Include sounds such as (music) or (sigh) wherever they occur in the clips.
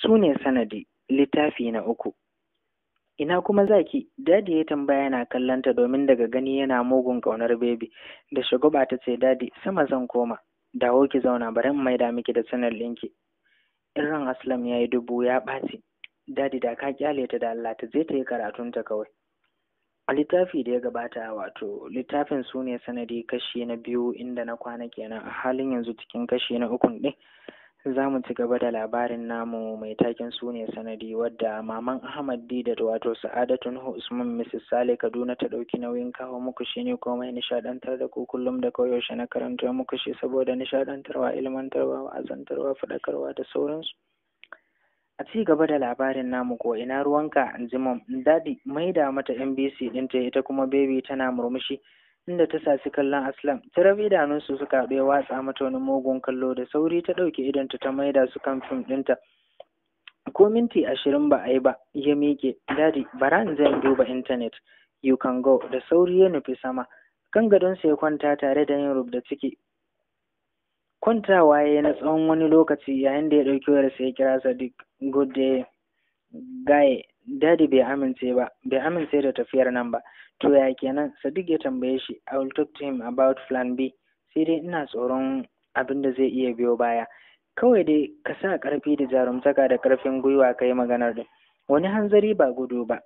su ne sanadi littafi na uku ina kuma zaki dadi ya tambaya yana kallanta domin daga gani yana mugun ƙaunar bebi da ba ta ce dadi sama zan koma dawo ki zauna bari in maida miki da sanar ɗinki irin aslam ya yi dubu ya ɓaci dadi da ka kyale ta da allah ta zai ta yi karatunta kawai a littafi da ya gabata wato littafin su ne sanadi kashi na biyu inda na kwana kenan a halin yanzu cikin kashi na ukun ɗin za mu ci gaba da labarin namu mai takin sune sanadi wadda maman ahmad da wato sa'adatu nuhu usman mrs sale kaduna ta ɗauki nauyin kawo muku shi ne komai nishaɗantar da ku kullum da koyaushe na karantar muku shi saboda nishaɗantarwa ilmantarwa wa'azantarwa faɗakarwa da sauransu a ci gaba da labarin namu ko ina ruwanka jimam dadi maida mata mbc ɗinta ita kuma baby tana murmushi inda ta saci kallon aslam tarab idanunsu suka haɗu ya watsa mata wani mugun kallo da sauri ta ɗauke idonta ta maida su kan fim ɗinta ko minti ashirin ba a yi ba ya miƙe dadi bara in zan duba intanet you can go da sauri ya nufi sama kan gadonsa ya kwanta tare da yin da ciki kwantawa ya na tsawon wani lokaci yayin da ya ɗauki wayarsa ya kira sadiq good day guy Dadi bai amince ba, bai amince da tafiyar nan ba. To ya kenan? Sadiq ya tambaye shi. I will talk to him about plan B. Sai dai ina tsoron abin da zai iya biyo baya. Kawai dai ka sa karfi da jarumtaka da karfin gwiwa ka yi maganar din. Wani hanzari ba gudu ba.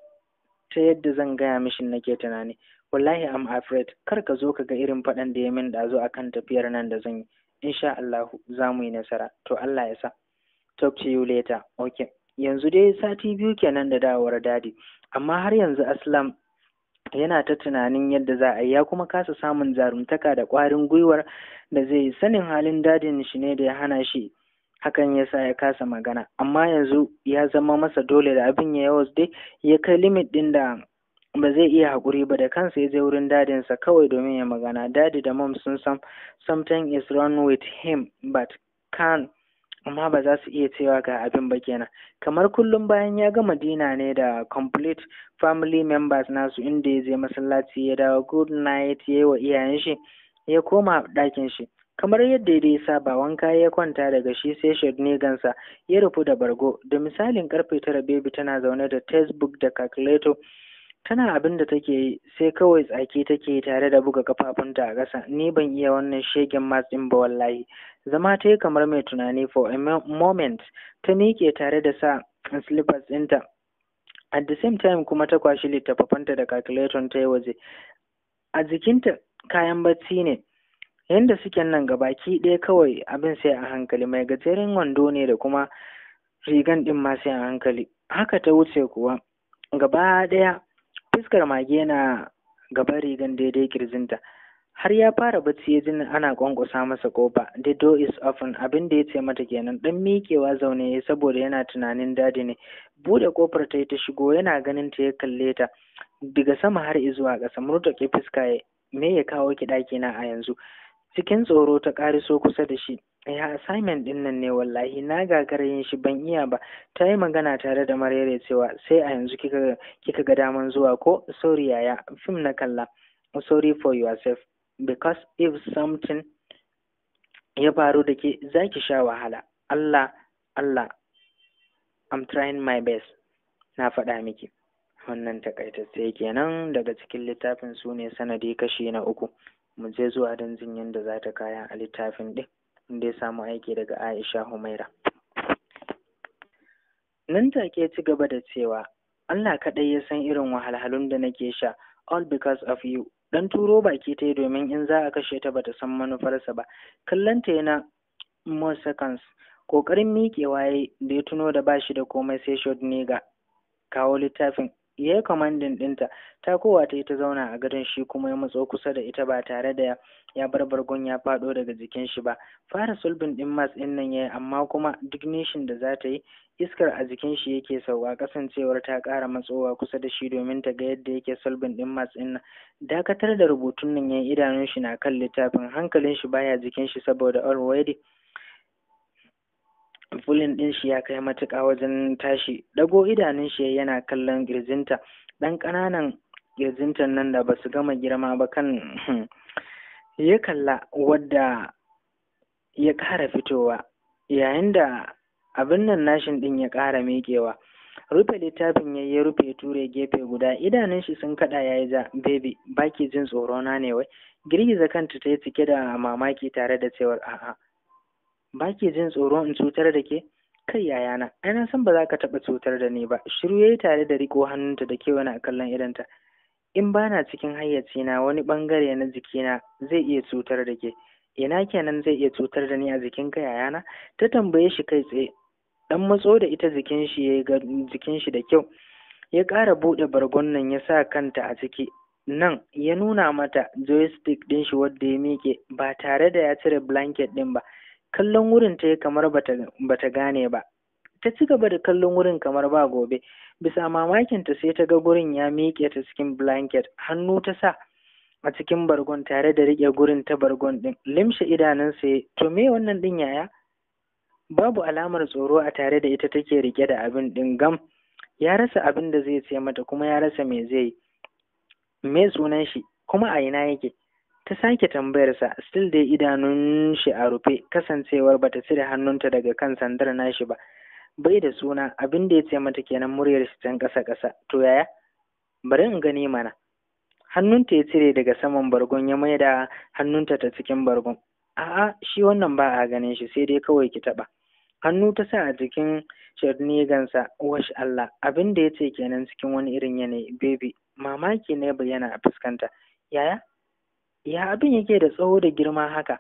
Ta yadda zan gaya mishin nake tunani. Wallahi I'm afraid. Kar ka zo ka ga irin faɗan da ya min ɗazu akan tafiyar nan da zan yi. Insha Allahu za mu yi nasara. To Allah ya sa. Talk to you later. Okay. yanzu dai sati biyu kenan da dawowar dadi amma har yanzu aslam yana ta tunanin yadda za a yi ya kuma kasa samun zarumtaka da ƙwarin gwiwar da zai sanin halin dadin shi ne da ya hana shi hakan ya sa ya kasa magana amma yanzu ya zama masa dole da abin ya yawas dai ya kai limit ɗin da ba zai iya haƙuri ba da kansa ya je wurin dadinsa kawai domin ya magana dadi da mom sun san something is wrong with him but can't amma ba za su iya cewa ga abin ba kenan kamar kullum bayan ya gama dina ne da complete family members nasu inda ya je masallaci ya dawo good night ya yi wa iyayen shi ya koma ɗakin shi kamar yadda ya sa ba wanka ya kwanta daga shi sai shirne gansa ya rufu da bargo da misalin karfe tara bebi tana zaune da textbook da calculator tana abin da take yi sai kawai tsaki take yi tare da buga kafafunta a ƙasa ni ban iya wannan shegen ɗin ba wallahi zama ta yi kamar mai tunani for a moment ta miƙe tare da sa slippers ɗinta at the same time kuma ta kwashi littafafanta da calculator ta yi waje a jikinta kayan bacci ne yadda suke nan ga baki ɗaya kawai abin sai a hankali mai gajeren wando ne da kuma rigan ɗin ma sai a hankali haka ta wuce kuwa gaba ɗaya fiskar mage yana gaba rigan daidai kirjinta har ya fara bacci ya jin ana kwankwasa masa kofa the door is open abin da ya ce mata kenan dan miƙewa zaune ya saboda yana tunanin dadi ne bude kofar ta ta shigo yana ganin ta ya kalle ta daga sama har zuwa ƙasa ke fuska me ya kawo ki ɗaki a yanzu cikin tsoro ta ƙariso kusa da shi ya eh, assignment din nan ne wallahi na gagara yin shi ban iya ba ta yi magana tare da marere cewa sai a yanzu kika kika ga daman zuwa ko sorry yaya film na kalla sorry for yourself because if something ya faru da ke za ki sha wahala Allah Allah I'm trying my best na faɗa miki wannan takaitacce kenan daga cikin littafin sune sanadi kashi na uku mu je zuwa don jin yadda za ta kaya a littafin ɗin inda ya samu aiki daga Aisha Humaira. Nan take ci gaba da cewa, Allah kaɗai ya san irin wahalhalun da nake sha, all because of you. Dan turo baki ta yi domin in za a kashe ta bata san manufarsa ba. Kallon ta yana more seconds. Ƙoƙarin miƙewa ya da ya tuno da ba shi da komai sai shot ne ga kawo littafin ya yi kwamandin ɗinta ta kowa ta yi ta zauna a garin shi kuma ya matso kusa da ita ba tare da ya bar bargon ya faɗo daga jikin shi ba fara sulbin ɗin mas ɗin nan ya yi amma kuma duk nishin da za ta yi iskar a jikin shi yake sauwa kasancewar ta ƙara matsowa kusa da shi domin ta ga yadda yake sulbin ɗin mas ɗin nan dakatar da rubutun nan ya yi idanun shi na kan littafin hankalin shi baya jikin shi saboda already fulin din shi ya kai matuka wajen tashi dago idanun shi yana kallon ƙirjinta dan kananan girjintan nan da basu gama girma ba kan (clears throat) ya kalla wadda ya ƙara fitowa yayin da abin nan nashin din ya kara miƙewa rufe littafin ya yi rufe ture gefe guda idanun shi sun kada ya yi ja baby baki jin tsorona ne wai girgiza kanta ta yi cike da mamaki tare da cewar a'a ba ke jin tsoro in cutar da ke kai na. ai na san ba za ka taɓa cutar da ni ba shiru ya yi tare da riko hannunta da ke wani kallon idanta in ba na cikin hayyacina wani ɓangare na jikina zai iya cutar da ke ina kenan zai iya cutar da ni a jikin ka na? ta tambaye shi kai tsaye dan matso da ita jikin shi ya ga jikin shi da kyau ya ƙara buɗe bargon nan ya sa kanta a ciki nan ya nuna mata joystick ɗin shi wadda ya miƙe ba tare da ya cire blanket ɗin ba kallon wurin ta yi kamar bata gane ba ta ci gaba da kallon wurin kamar ba gobe bisa mamakinta sai ta ga gurin ya miƙe ta cikin blanket hannu ta sa a cikin bargon tare da riƙe gurin ta bargon ɗin limshe idanunsa to me wannan ɗin yaya babu alamar tsoro a tare da ita take riƙe da abin ɗin gam ya rasa abin da zai ce mata kuma ya rasa me zai yi me sunan shi kuma a ina yake ta sake tambayarsa still dai idanun shi a rufe kasancewar bata cire hannunta daga kan sandar nashi ba bai da suna abin da ya ce mata kenan muryar shi can kasa ƙasa to yaya bari in gani mana hannunta ya cire daga saman bargon ya maida hannunta ta cikin bargon a'a shi wannan ba a ganin shi sai dai kawai ki taba hannu ta sa a jikin shirnigansa wash Allah abin da ya ce kenan cikin wani irin yanayi baby mamaki ne bayyana a fuskanta yaya ya abin yake da tsawo da girma haka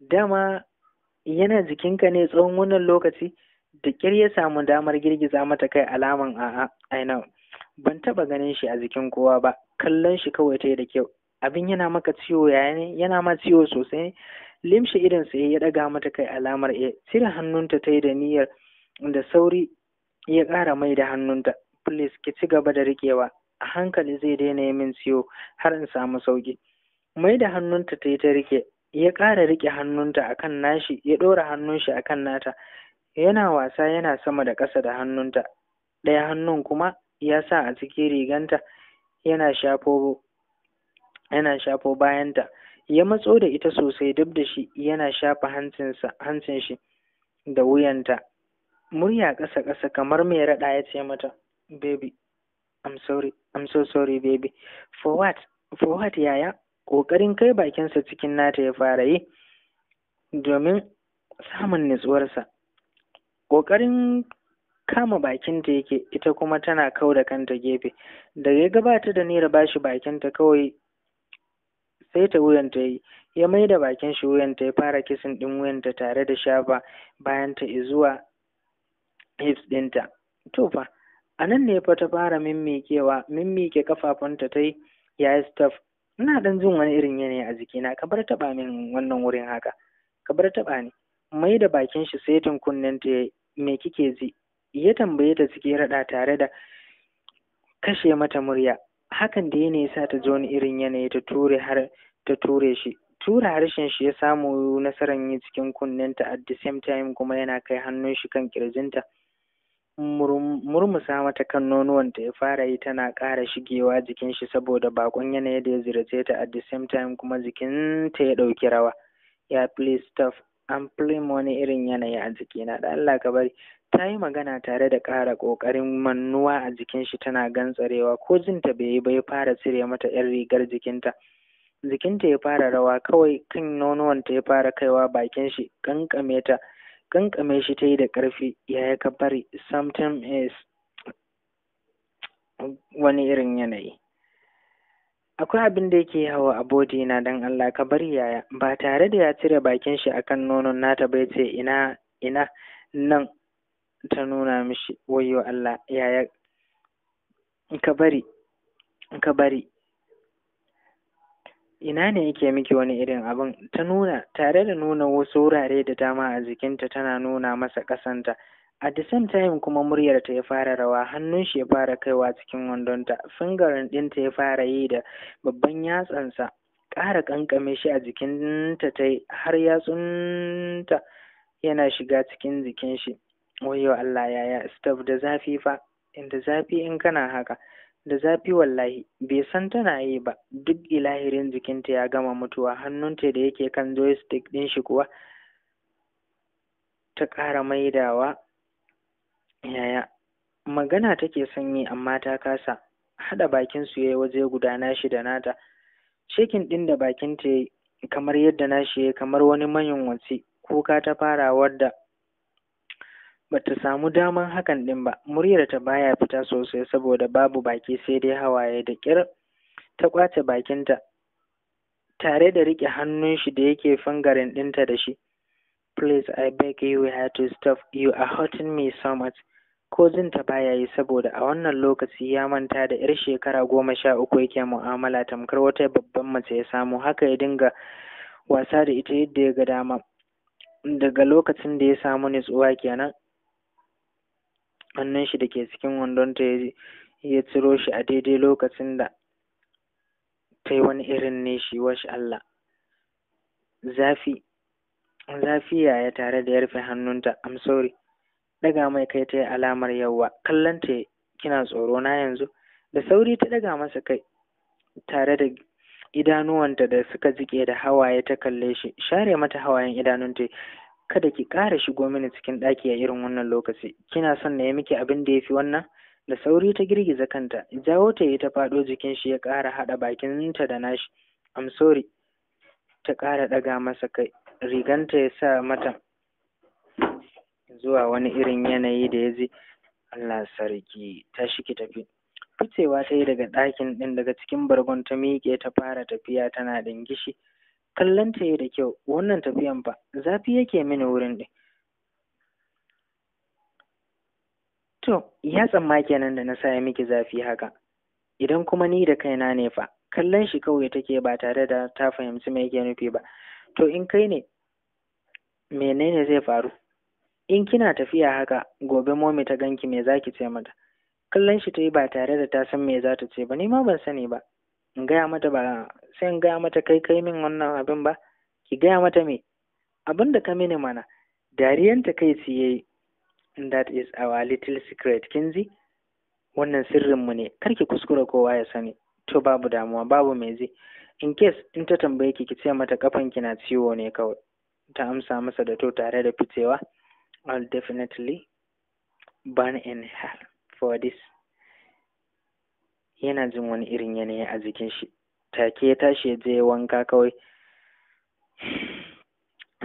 dama yana jikinka ne tsawon wannan lokaci da ƙyar ya samu damar girgiza mata kai alaman a'a aina ban taɓa ganin shi a jikin kowa ba kallon shi kawai ta da kyau abin yana maka ciwo yaya ne yana ma ciwo sosai limshe idan sai ya daga mata kai alamar e cire hannunta ta yi da niyyar da sauri ya ƙara mai da hannunta please ki ci gaba da riƙewa a hankali zai daina yi min ciwo har in samu sauki mai da hannunta ta yi ta rike ya ƙara riƙe hannunta akan nashi ya ɗora hannun shi akan nata yana wasa yana sama da ƙasa da hannunta ɗaya hannun kuma ya sa a cikin riganta yana shafo yana shafo bayanta ya matso da ita sosai duk da shi yana shafa hancin shi da wuyanta murya ƙasa ƙasa kamar mai raɗa ya ce mata baby i'm sorry i'm so sorry baby for what for what yaya ƙoƙarin kai bakinsa cikin nata ya fara yi domin samun nutsuwarsa ƙoƙarin kama bakinta yake ita kuma tana kau da kanta gefe da ya gabata da nera bashi bakinta kawai sai ta wuyanta yi ya mai da bakin shi wuyanta ya fara kisin ɗin wuyanta tare da shafa bayan ta zuwa hips ɗinta to fa a nan ne fa ta fara mimmiƙewa mimmiƙe ƙafafunta ta yi ya yi staff ina dan jin wani irin yanayi a jikina ka bar taba min wannan wurin haka ka bar taba ni mai da bakin shi sai kunnen ta me kike ji ya tambaye ta cike rada tare da kashe mata murya hakan da yanayi sa ta ji wani irin yanayi ta ture har ta ture shi tura harshen shi ya samu nasarar yi cikin kunnenta at the same time kuma yana kai hannun shi kan kirjinta murmusa mata kan nonuwan ta ya fara yi tana ƙara shigewa jikin shi saboda bakon yanayi da ya zirace ta at the same time kuma jikinta ya ɗauki rawa ya play stuff an film wani irin yanayi a jikina da Allah ka bari ta yi magana tare da ƙara ƙoƙarin mannuwa a jikin shi tana gantsarewa ko jinta bai yi ba ya fara cire mata 'yan rigar jikinta jikinta ya fara rawa kawai kan nonuwan ta ya fara kaiwa bakin shi kankame ta kankame shi ta yi da ƙarfi yaya ka bari something is wani irin yanayi akwai abin da yake hawa a bodi na dan Allah ka bari yaya ba tare da ya cire bakin shi akan nonon nata bai ce ina ina nan ta nuna mishi wayo Allah yaya ka bari ka bari ina ne yake miki wani irin abin ta nuna tare da nuna wasu wurare da dama a jikinta tana nuna masa ƙasanta A the same time kuma muryar ta ya fara rawa hannun shi ya fara kaiwa cikin wandonta fingarin ɗinta ya fara yi da babban yatsansa ƙara ƙanƙame shi a jikinta ta har yatsunta yana shiga cikin jikin shi wayo Allah yaya staf da zafi fa inda zafi in kana haka da zafi wallahi bai san tana yi ba duk ilahirin jikinta ya gama mutuwa hannunta da yake kan joystick ɗin shi kuwa ta ƙara maidawa yaya magana take sanyi amma ta kasa haɗa bakin su yayi waje guda shi da nata shekin ɗin da bakin ta kamar yadda na shi kamar wani wasi kuka ta fara wadda bata samu daman hakan ɗin ba muryarta baya fita sosai saboda babu baki sai dai hawaye da ƙyar ta ƙwace bakinta tare da rike hannun shi da yake fangaren ɗinta da shi please i beg you we have to stop you are hurting me so much ko jinta baya yi saboda a wannan lokaci ya manta da 'yar shekara goma sha uku yake mu'amala tamkar wata babban mace ya samu haka ya dinga wasa da ita yadda ya ga dama daga lokacin da ya samu nutsuwa kenan hannun shi da ke cikin wandonta ya ciro shi a daidai lokacin da ta yi wani irin nishi washi Allah zafi zafi yaya tare da ya rufe hannunta I'm sorry daga mai kai ta yi alamar yawa kallon ta kina tsoro na yanzu da sauri ta daga masa kai tare da idanuwanta da suka jike da hawaye ta kalle shi share mata hawayen idanunta kada ki ƙara shigo mini cikin ɗaki a irin wannan lokaci kina son na yi miki abin da ya fi wannan da sauri ta girgiza kanta jawo ta yi ta faɗo jikin shi ya ƙara haɗa bakinta da nashi am sorry ta ƙara ɗaga masa kai riganta ya sa mata zuwa wani irin yanayi da ya ji Allah sarki ta shiki tafi ficewa ta yi daga ɗakin ɗin daga cikin bargon ta miƙe ta fara tafiya tana ɗingishi kallon ta yi da kyau wannan tafiyan fa zafi yake mini wurin ɗin to ya tsamma kenan da na saya miki zafi haka idan kuma ni da kaina ne fa kallon shi kawai take ba tare da ta fahimci me yake nufi ba to in kai ne menene zai faru in kina tafiya haka gobe momi ta ganki me zaki ce mata kallon shi ta yi ba tare da ta san me za ta ce ba ni ma ban sani ba in gaya mata ba sai in gaya mata kai kai min wannan abin ba ki gaya mata me abin da ka mini mana dariyanta kai ci that is our little secret kin ji wannan sirrinmu ne kar ki kuskura kowa ya sani to babu damuwa babu mai ji in case in ta tambaye ki ki ce mata kafan ki na ciwo ne kawai ta amsa masa da to tare da fitewa I'll definitely burn in hell for this yana jin wani irin yanayi a jikin shi take ya tashi ya je wanka kawai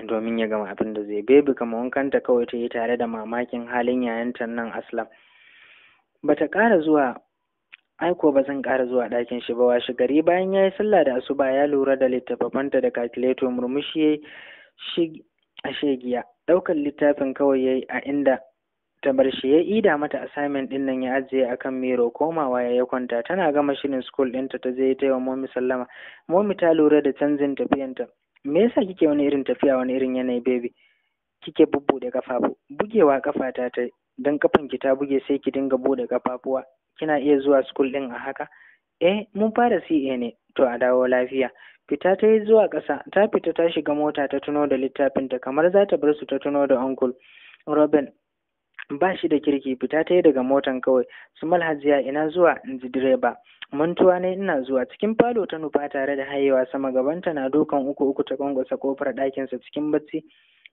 domin ya gama abin da zai bebi kama wankan ta kawai ta yi tare da mamakin halin yayanta nan aslam bata ƙara zuwa aiko ba zan ƙara zuwa ɗakin shi ba washe gari bayan ya yi sallah da asuba ya lura da littafafanta da calculator murmushi ya shi a shegiya ɗaukar littafin kawai ya yi a inda ta ya ida mata assignment din nan ya ajiye akan miro komawa ya kwanta tana gama shirin school ɗinta ta je ta yi wa momi sallama momi ta lura da canjin tafiyanta me yasa kike wani irin tafiya wani irin yanayi baby kike bubbuɗe kafafu bugewa kafa ta ta dan kafan ki ta buge sai ki dinga bude kafafuwa kina iya zuwa school ɗin a haka eh mun fara CA ne to a dawo lafiya fita ta yi zuwa ƙasa ta fita ta shiga mota ta tuno da littafinta kamar za ta bar su ta tuno da uncle Robin ba shi da kirki fita ta yi daga motan kawai su malhajiya ina zuwa in ji direba mantuwa ne ina zuwa cikin falo ta nufa tare da hayewa sama gabanta na dukan uku uku ta kwangwasa kofar ɗakinsa cikin bacci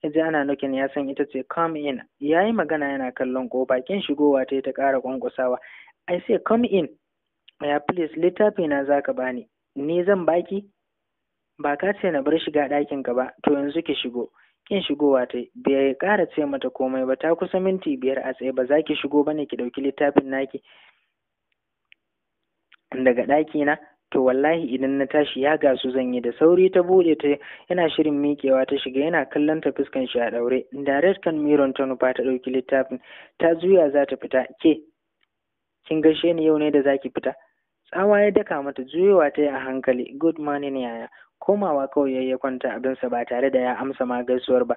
ya ji ana nukin ya san ita ce come in ya yi magana yana kallon ko bakin shigowa ta yi ta ƙara kwankwasawa i say come in ya please littafi na za ka bani ni zan baki ba ka ce na bar shiga ɗakin ka ba to yanzu ki shigo kin shigowa ta bai ƙara ce mata komai ba ta kusa minti biyar a tsaye ba za ki shigo ba ne ki ɗauki littafin naki daga ɗaki na to wallahi idan na tashi ya gasu zan yi da sauri ta buɗe ta yana shirin miƙewa ta shiga yana kallon ta fuskan shi a ɗaure direct kan miron ta nufa ta ɗauki littafin ta juya za ta fita ke kin gaishe ni yau ne da zaki fita tsawa ya daka mata juyowa ta yi a hankali good morning yaya komawa kawai ya kwanta abinsa ba tare da ya amsa ma gaisuwar ba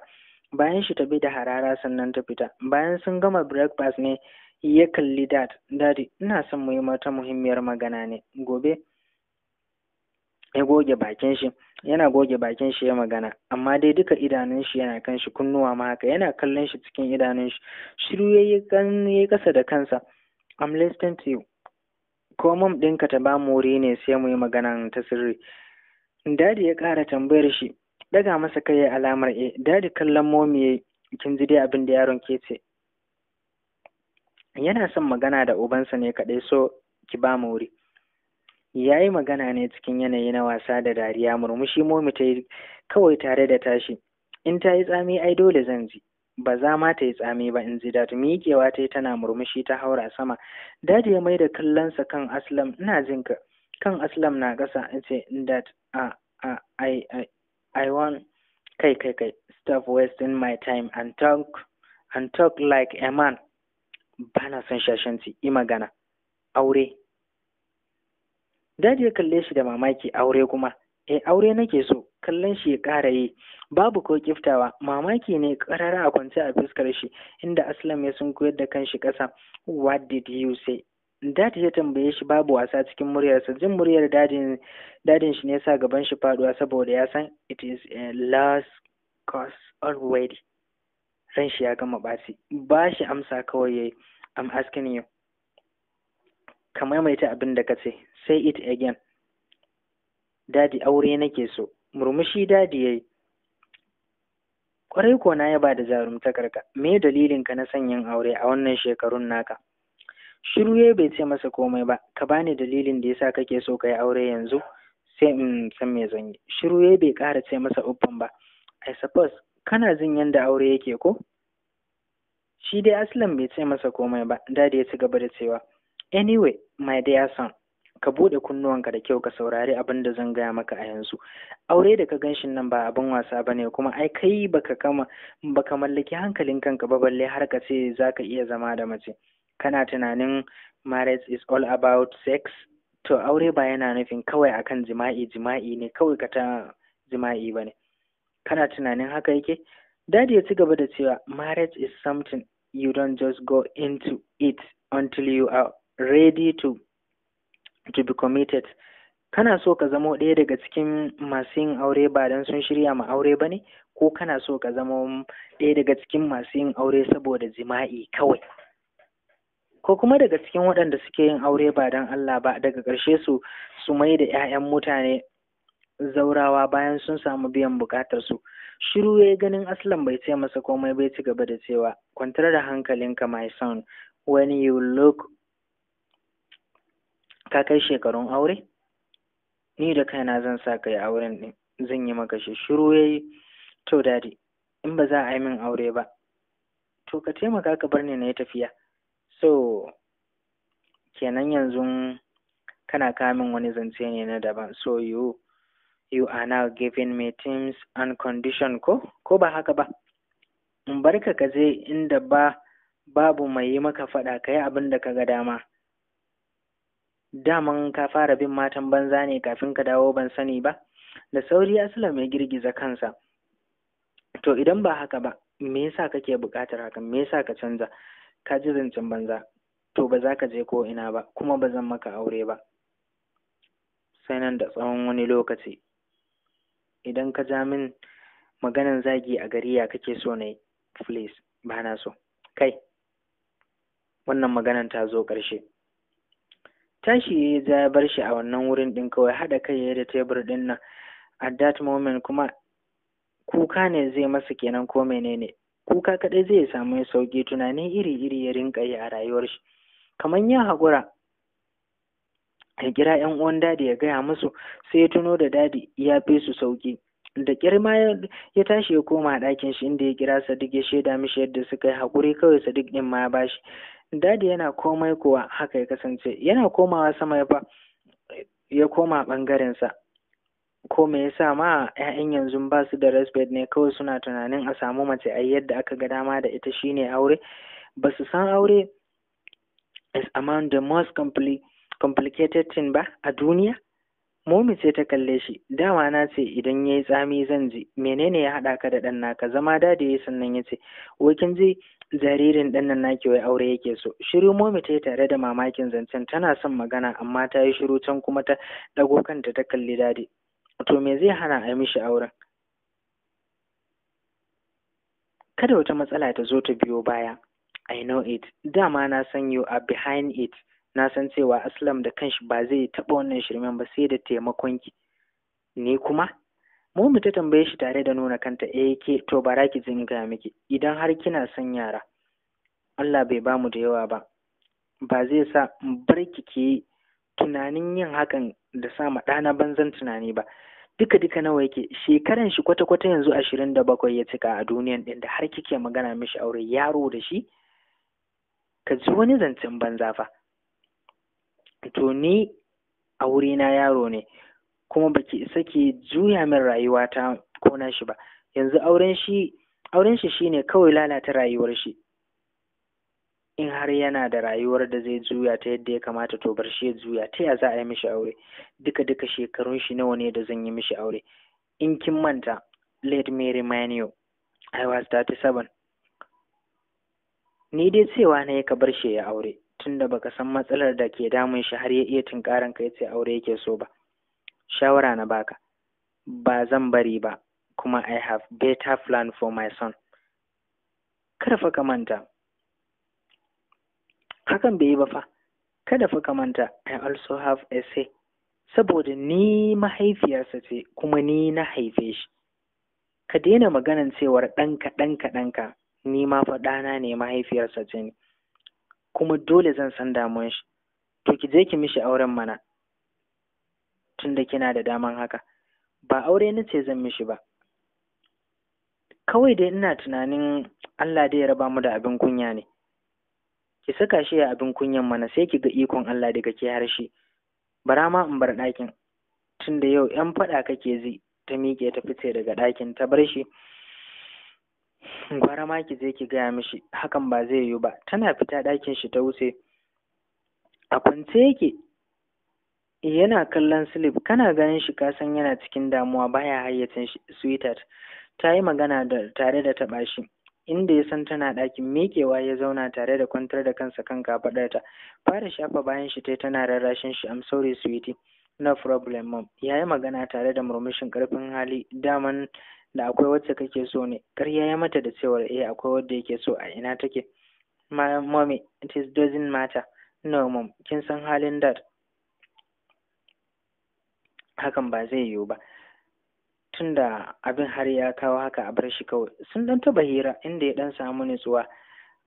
bayan shi ta bi da harara sannan ta fita bayan sun gama breakfast ne ya kalli dad dadi ina son mu yi mata muhimmiyar magana ne gobe ya goge bakin shi yana goge bakin shi ya magana amma dai duka idanun shi yana kan shi kunnuwa ma haka yana kallon shi cikin idanun shi shiru yi kan ya kasa da kansa i'm listening to you ko mom ɗinka ta ba mu wuri ne sai mu yi maganan ta sirri Dadi ya ƙara tambayar shi, daga masa kai alamar e, dadi kallon momi ya kin ji dai abin da yaron ke ce. Yana son magana da ubansa ne kaɗai so ki ba mu wuri. Ya yi magana ne cikin yanayi na wasa da dariya murmushi momi ta yi kawai tare da tashi. In ta yi tsami ai dole zan ji. Ba za ma ta yi tsami ba in ji datu miƙewa ta yi tana murmushi ta haura sama. Dadi ya mai da kallonsa kan Aslam ina jinka. kan aslam na kasa, in ce that a a i i i want kai kai kai stop wasting my time and talk and talk like a man ba na son shashanci yi magana aure dadi ya kalle shi da mamaki aure kuma eh aure nake so kallon shi ya ƙara yi babu ko kiftawa mamaki ne ƙarara a kwance a fuskar shi inda aslam ya sun koyar da kanshi ƙasa what did you say Dadi ya tambaye shi babu wasa cikin muryarsa, jin muryar dadin, dadin shi ne sa gaban shi faduwa saboda ya san it is a last cause already. Ran shi ya gama baci ba shi amsa kawai yayi, I'm asking you. Ka maimaita abin da ka ce, say it again. Dadi aure nake so, murmushi dadi yayi. Kwarai ko na ba da jarumtakarka, me dalilin ka na sanyin aure a wannan shekarun naka? shiru ya bai ce masa komai ba ka bani dalilin da yasa kake so ka yi aure yanzu sai in san me zan yi shiru ya bai ƙara ce masa uffan ba i suppose kana jin yanda aure yake ko shi dai aslan bai ce masa komai ba dadi ya ci gaba da cewa anyway my dear son ka bude kunnuwanka da kyau ka saurari abin da zan gaya maka a yanzu aure da ka ganshin nan ba abin wasa ba ne kuma ai kai baka kama baka mallaki hankalin kanka ba balle har ka ce zaka iya zama da mace kana tunanin marriage is all about sex to aure ba yana nufin kawai akan jima'i jima'i ne kawai ka ta jima'i ba ne kana tunanin haka yake dadi ya ci gaba da cewa marriage is something you don't just go into it until you are ready to to be committed kana so ka zamo ɗaya daga cikin masu yin aure ba don sun shirya ma aure ba ne ko kana so ka zama ɗaya daga cikin masu yin aure saboda jima'i kawai ko kuma daga cikin waɗanda suke yin aure ba don Allah ba daga ƙarshe su su mai da 'ya'yan mutane zaurawa bayan sun samu biyan buƙatar su shiru ya yi ganin aslan bai ce masa komai bai ci gaba da cewa kwantar da hankalinka my son when you look ka kai shekarun aure ni da kaina zan sa kai auren din zan yi maka shi shiru ya yi to dadi in ba za a yi min aure ba to ka taimaka ka bar ni na yi tafiya so kenan yanzu kana kamin wani zance ne na daban so you you are now giving me terms and condition ko ko ba haka ba in barka ka je inda ba babu mai yi maka faɗa ka yi abin da ka ga dama daman ka fara bin matan banza ne kafin ka dawo ban sani ba da sauri asila mai girgiza kansa to idan ba haka ba me yasa kake buƙatar hakan me yasa ka canza ka ji zancen banza to ba za ka je ko ina ba kuma ba zan maka aure ba sai nan da tsawon wani lokaci idan ka ja min maganan zagi a gari ya kake so na yi please ba na so kai wannan maganan ta zo ƙarshe tashi ya ja ya bar shi a wannan wurin ɗin kawai haɗa kai ya da tebur ɗin nan at that moment kuma kuka ne zai masa kenan ko menene kuka kaɗai zai samu sauƙi tunanin iri-iri ya rinka yi a rayuwar shi kamar ya haƙura ya kira yan uwan dadi ya gaya musu sai ya tuno da dadi ya fi su sauki da kirma ya tashi ya koma ɗakin shi inda ya kira sadiq ya shaida mishi yadda suka yi haƙuri kawai sadiq ɗin ma ya bashi dadi yana komai kuwa haka ya kasance yana komawa sama ya ya koma ɓangarensa ko me yasa ma 'ya'yan yanzu ba su da respect ne kawai suna tunanin a samu mace ai yadda aka ga dama da ita shine aure ba su san aure is among the most complicated thing ba a duniya momi sai ta kalle shi dama na ce idan ya yi tsami zan ji menene ya haɗa ka da ɗan naka zama dadi ya sannan ya ce wakin ji jaririn ɗan nan naki wai aure yake so shiru momi ta yi tare da mamakin zancen tana son magana amma ta yi shiru can kuma ta ɗago kanta ta kalli dadi to me zai hana a mishi auren kada wata matsala ta zo ta biyo baya i know it dama na san you are behind it na san cewa aslam da kanshi ba zai taɓa wannan shirmen ba sai da taimakon ki ni kuma mu ta tambaye shi tare da nuna kanta eh ke to bara ki jin ga miki idan har kina son yara Allah bai bamu da yawa ba ba zai sa bar ki ke tunanin yin hakan da sa ma ɗana banzan tunani ba duka duka nawa yake shekaran shi kwata kwata yanzu ashirin da bakwai ya cika a duniyan din da har kike magana mishi aure yaro da shi ka ji wani zancen banza fa to ni aure na yaro ne kuma baki isa ke juya min rayuwata ko na shi ba yanzu auren shi auren shi shine kawai lalata rayuwar shi in har yana da rayuwar da zai juya ta yadda ya kamata to bar shi ya juya ta ya za a yi mishi aure duka duka shekarun shi nawa ne da zan yi mishi aure in kin manta let me remind you i was 37 ni dai cewa na ka bar shi ya aure tunda baka san matsalar da ke damun shi har ya iya tunkaran kai sai aure yake so ba shawara na baka ba zan bari ba kuma i have better plan for my son kar fa ka manta hakan bai yi ba fa kada fa ka manta i also have a say saboda ni mahaifiyarsa ce kuma ni na haife shi ka daina maganan cewar ɗanka ɗanka ɗanka ni ma fa ɗana ne mahaifiyarsa ce ne kuma dole zan san damuwan shi to ki je ki mishi auren mana tunda kina da daman haka ba aure na ce zan mishi ba kawai dai ina tunanin Allah dai ya raba mu da abin kunya ne ki saka shi a abin kunyan mana sai ki ga ikon Allah daga ke harshe bara ma in bar ɗakin tun da yau yan faɗa kake zai ta miƙe ta fice daga ɗakin ta bar shi gwara ma ki je ki gaya mishi hakan ba zai yiwu ba tana fita ɗakin shi ta wuce a kwance yake yana kallon slip kana ganin shi ka san yana cikin damuwa baya hayyacin sweetheart ta yi magana da tare da taɓa shi inda ya san tana ɗakin miƙewa ya zauna tare da kwantar da kansa kan kafaɗarta fara shafa bayan shi tai tana rarrashin shi am sorry sweetie no problem mom ya yi magana tare da murmushin ƙarfin hali daman da akwai wacce kake so ne ƙarya ya mata da cewar eh akwai wadda yake so a ina take my mommy it is doesn't matter no mom kin san halin dad hakan ba zai yiwu ba tun da abin har ya kawo haka a bar shi kawai sun dan taba hira inda ya dan samu nutsuwa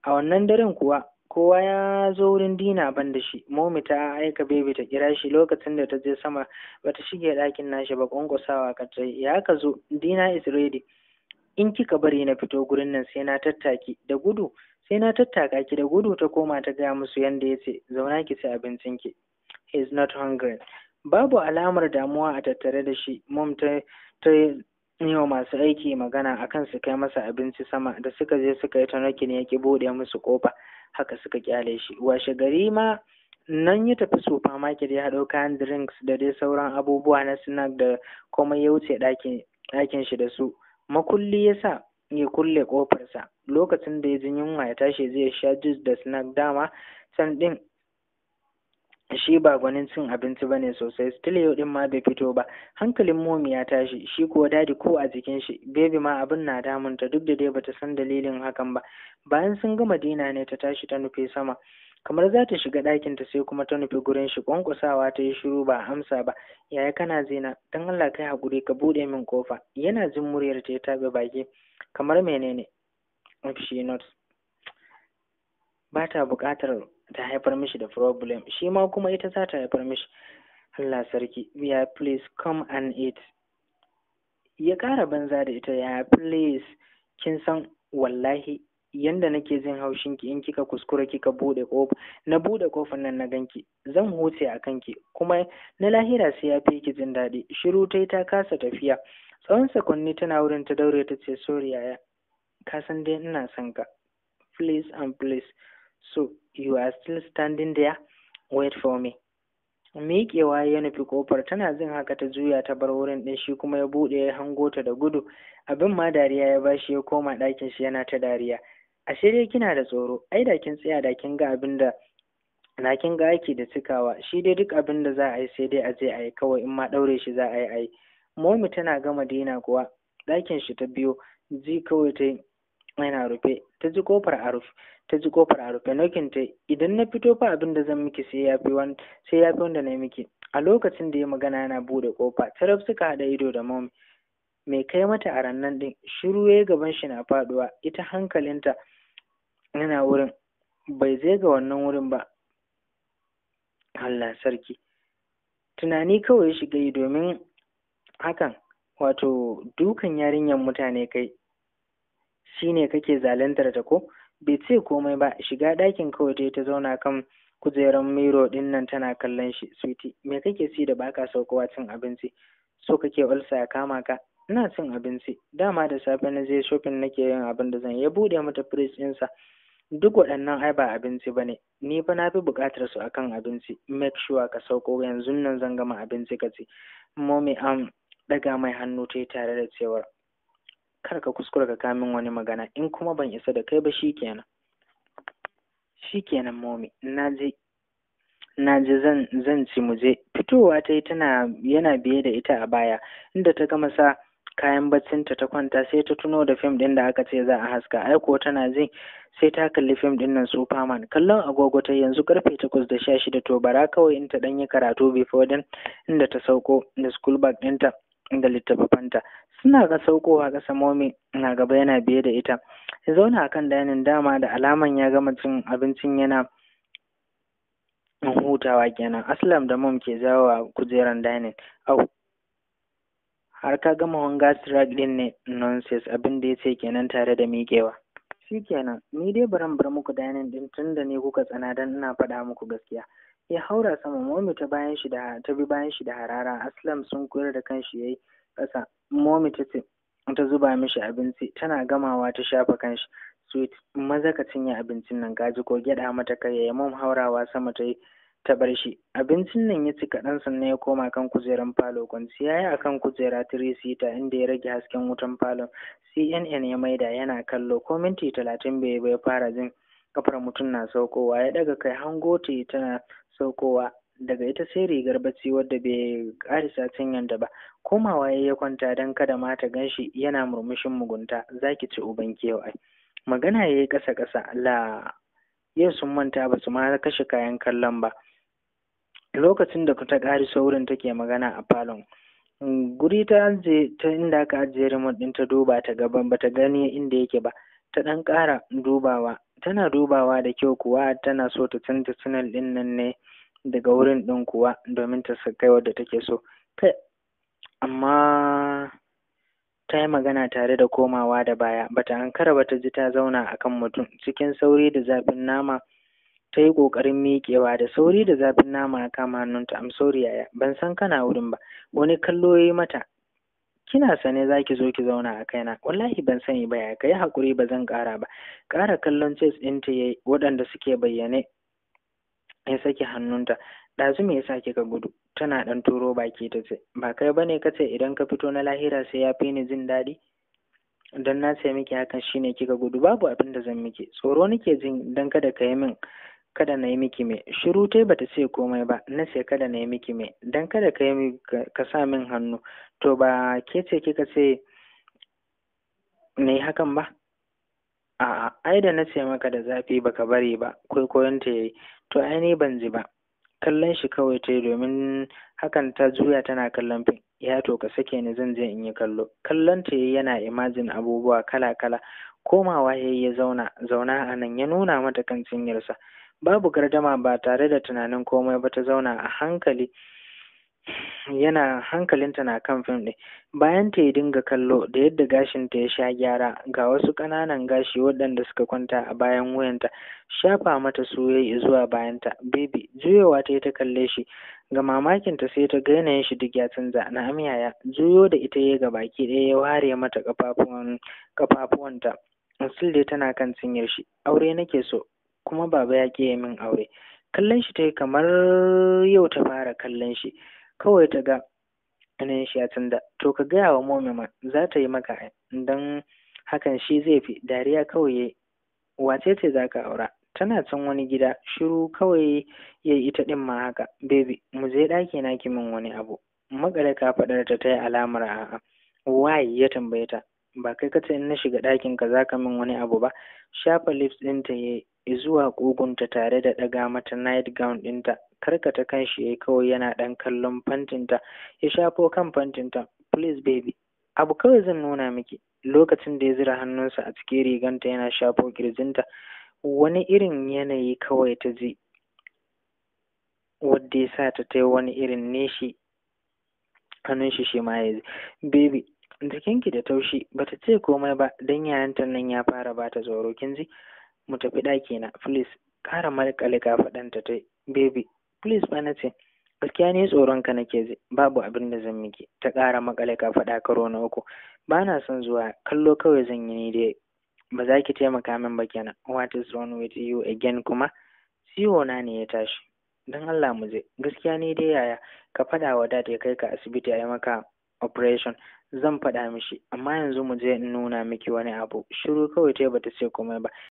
a wannan daren kuwa kowa ya zo wurin dina ban da shi momi ta aika bebi ta kira shi lokacin da ta je sama bata shige dakin nashi ba kwankwasawa ka ya ka zo dina is ready in kika bari na fito gurin nan sai na tattaki da gudu sai na tattaka ki da gudu ta koma ta gaya musu yanda ya ce zauna ki ci abincin ki he is not hungry Babu alamar damuwa a tattare da shi, mom ta, ta yi wa masu aiki magana akan su kai masa abinci sama da suka je suka yi ta ne ya ki buɗe musu kofa haka suka kyale shi. Washe gari ma nan ya tafi supermarket ya haɗo kayan drinks da dai sauran abubuwa na snack da komai ya wuce ɗakin shi da su. Makulli ya sa ya kulle ƙofarsa lokacin da ya ji yunwa ya tashi zai sha juice da snack dama san ɗin shi ba gwanin cin abinci bane sosai still yau din ma bai fito ba hankalin momi ya tashi shi kuwa dadi ko a jikin shi baby ma abin na damunta duk da dai bata san dalilin hakan ba bayan sun gama dina ne ta tashi ta nufi sama kamar za ta shiga ɗakin ta sai kuma ta nufi gurin shi kwankwasawa ta yi shiru ba amsa ba yaya kana zina dan Allah kai hakuri ka bude min kofa yana jin muryar ta ya taɓa baki kamar menene shi not ba ta buƙatar ta haifar mishi da problem shi ma kuma ita za ta haifar mishi Allah sarki ya please come and eat ya ƙara banza da ita ya please kin san wallahi yanda nake jin haushin ki in kika kuskura kika bude kofa na bude kofar nan na ganki zan huce a kanki kuma na lahira sai ya fi ki jin daɗi shiru ta ta kasa tafiya tsawon sakonni tana wurin ta daure ta ce sorry yaya ka san dai ina son ka please and please So, you are still standing there? Wait for me. miƙewa ya nufi kofar tana jin haka ta juya ta bar wurin ɗin shi kuma ya buɗe ya hango ta da gudu abin ma dariya ya bashi ya koma ɗakin shi yana ta dariya ashe dai kina da tsoro ai da kin tsaya da kin ga abin da na kin ga da cikawa shi dai duk abin da za a yi sai dai a je a yi kawai in ma ɗaure shi za a yi a yi momi tana gama dina kuwa ɗakin shi ta biyo ji kawai ta yi yana rufe ta ji kofar a rufe ta ji kofar a rufe nokin ta idan na fito fa abin da zan miki sai yafi wanda sai yafi wanda na miki a lokacin da ya magana yana bude kofa taraf suka hada ido da mom mai kai mata a rannan din shiru ya gaban shi na faduwa ita hankalinta yana wurin bai zai ga wannan wurin ba Allah sarki tunani kawai shiga yi domin hakan wato dukan yarinyar mutane kai Shi shine kake zaluntar ta ko bai ce komai ba shiga ɗakin kawai ta zauna kan kujerar miro ɗin nan tana kallon shi sweety me kake ci da baka saukowa cin abinci so kake ulsa ya kama ka ina cin abinci dama da safe na je shopping nake yin abin da zan ya bude mata fridge ɗinsa duk waɗannan ai ba abinci ba ne ni fa na fi buƙatar su akan abinci make sure ka sauko yanzu nan zan gama abinci ka ci mommy am um, ɗaga mai hannu ta yi tare da cewar kar ka kuskura ka kamin wani magana in kuma ban isa da kai ba shikenan shikenan momi na ji zan ci mu je fitowa ta yi tana yana biye da ita a baya inda ta gama sa kayan baccinta ta kwanta sai ta tuno da fim din da aka ce za a haska ai ko tana jin sai ta kalli fim din nan Superman kallon agogo ta yanzu karfe takwas da sha shida to bara kawai in ta dan karatu before din inda ta sauko da school bag ɗinta da littafanta. suna ga saukowa ƙasa momi na gaba yana biye da ita ya zauna a kan dainin dama da alaman ya gama cin abincin yana hutawa kenan aslam da mom ke jawo kujeran dainin au har ka gama wanga strag din ne nonsense abin da ya ce kenan tare da miƙewa shi kenan ni dai baran bar muku dainin din tun da ne kuka tsana dan ina faɗa muku gaskiya ya haura sama momi ta bayan shi da ta bi bayan shi da harara aslam sun koyar da kan kanshi yayi ƙasa Momi ta ce ta zuba mishi abinci tana gamawa ta shafa kanshi. Sweet maza ka cinye abincin nan kaji ko gyaɗa mata kai yayi mom haurawa sama ta yi ta bar shi. Abincin nan ya ci kaɗan sannan ya koma kan kujeran falo kwanciya ya kan kujera three sita inda ya rage hasken wutan falon. CNN ya maida yana kallo ko minti talatin bai ya fara jin kafar mutum na saukowa ya ɗaga kai hango ta tana saukowa daga ita sai rigar bacci wadda bai karisa cinyanta ba komawa ya kwanta don kada ma ta ganshi yana murmushin mugunta za ki ci uban kewaye magana ya yi ƙasa ƙasa la yau sun manta ba su ma kashe kayan kallon ba lokacin da ta ƙari saurin take magana a falon guri ta je ta inda aka ajiye remote ɗin ta duba ta gaban ba, ta gani inda yake ba ta ɗan ƙara dubawa tana dubawa da kyau kuwa tana so ta canza channel ɗin nan ne daga wurin ɗin kuwa domin ta kai wadda take so kai amma ta yi magana tare da komawa da baya bata ankara ba ta ji ta zauna a kan mutum cikin sauri da zafin nama ta yi ƙoƙarin miƙewa da sauri da zafin nama a kama hannunta am sauri, yaya ban san kana wurin ba wani kallo ya yi mata kina sane za ki zo ki zauna a kaina wallahi ban sani ba ya kai hakuri ba zan ƙara ba ƙara kallon ces ɗinta ya yi waɗanda suke bayyane ya saki hannunta ɗazu me yasa kika gudu tana ɗan turo baki ta ce ba kai bane ka ce idan ka fito na lahira sai ya fi ni jin daɗi don na ce miki hakan shine kika gudu babu abin da zan miki tsoro nake jin don kada ka yi min kada na yi miki me shiru tai bata ce komai ba na ce kada na yi miki me don kada ka yi ka sa min hannu to ba ke ce kika ce na yi hakan ba A'a, ai da na ce maka da zafi baka bari ba, kwaikwayon ta yayi to ai ni ban ji ba. Kallon shi kawai ta yi domin hakan ta juya tana kallon fim. Ya to ka sake ni zan je in yi kallo. Kallon ta yayi yana imajin abubuwa kala-kala. Komawa ya yi ya zauna, zauna a nan ya nuna mata kan cinyarsa. Babu gardama ba tare da tunanin komai ba ta zauna a hankali. yana hankalinta na kan fim ɗin bayan ta yi dinga kallo da yadda gashinta ya sha gyara ga wasu ƙananan gashi waɗanda suka kwanta a bayan wuyanta shafa mata su yayi zuwa bayanta baby juyowa ta yi ta kalle shi ga mamakinta sai ta ga yanayin shi duk ya canza na amiyaya juyo da ita ya ga baki ɗaya ya ware mata ƙafafuwan ƙafafuwanta dai tana kan cinyar shi aure nake so kuma baba ya ƙi min aure kallon shi ta yi kamar yau ta fara kallon shi kawai ta ga ganin shi a tunda to ka gaya wa momima za ta yi maka don hakan shi zai fi dariya kawai yayi wace ce za ka aura tana can wani gida shiru kawai yayi ita ɗin ma haka baby mu je ɗaki na ki min wani abu makale ka faɗar ta ta yi alamar a'a Waye ya tambaye ta ba kai ka ce in na shiga ɗakin ka zaka min wani abu ba shafa lips ɗin ta yayi izuwa ƙugunta tare da ɗaga mata night gown ɗinta karkata kan shi yayi kawai yana ɗan kallon fantinta ya shafo kan fantinta please baby abu kawai zan nuna miki lokacin da ya zira hannunsa a cikin riganta yana shafo kirjinta wani irin yanayi kawai ta ji wadda ya sa ta tai wani irin neshi hannun shi shi ma ya baby jikinki da taushi bata ce komai ba don yayanta nan ya fara bata tsoro kin ji mu tafi ɗaki na please ƙara malƙale kafaɗanta ta baby please ba na ce gaskiya ne tsoron ka nake ji babu abin da zan miki ta ƙara makale ka faɗa karo na uku ba na son zuwa kallo kawai zan yi ni dai ba za ki taimaka min ba kenan what is wrong with you again kuma ciwo na ne ya tashi don Allah mu je gaskiya ne dai yaya ka faɗa wa dad ya kai ka asibiti a yi maka operation zan faɗa mishi amma yanzu mu je in nuna miki wani abu shiru kawai ta bata ce komai ba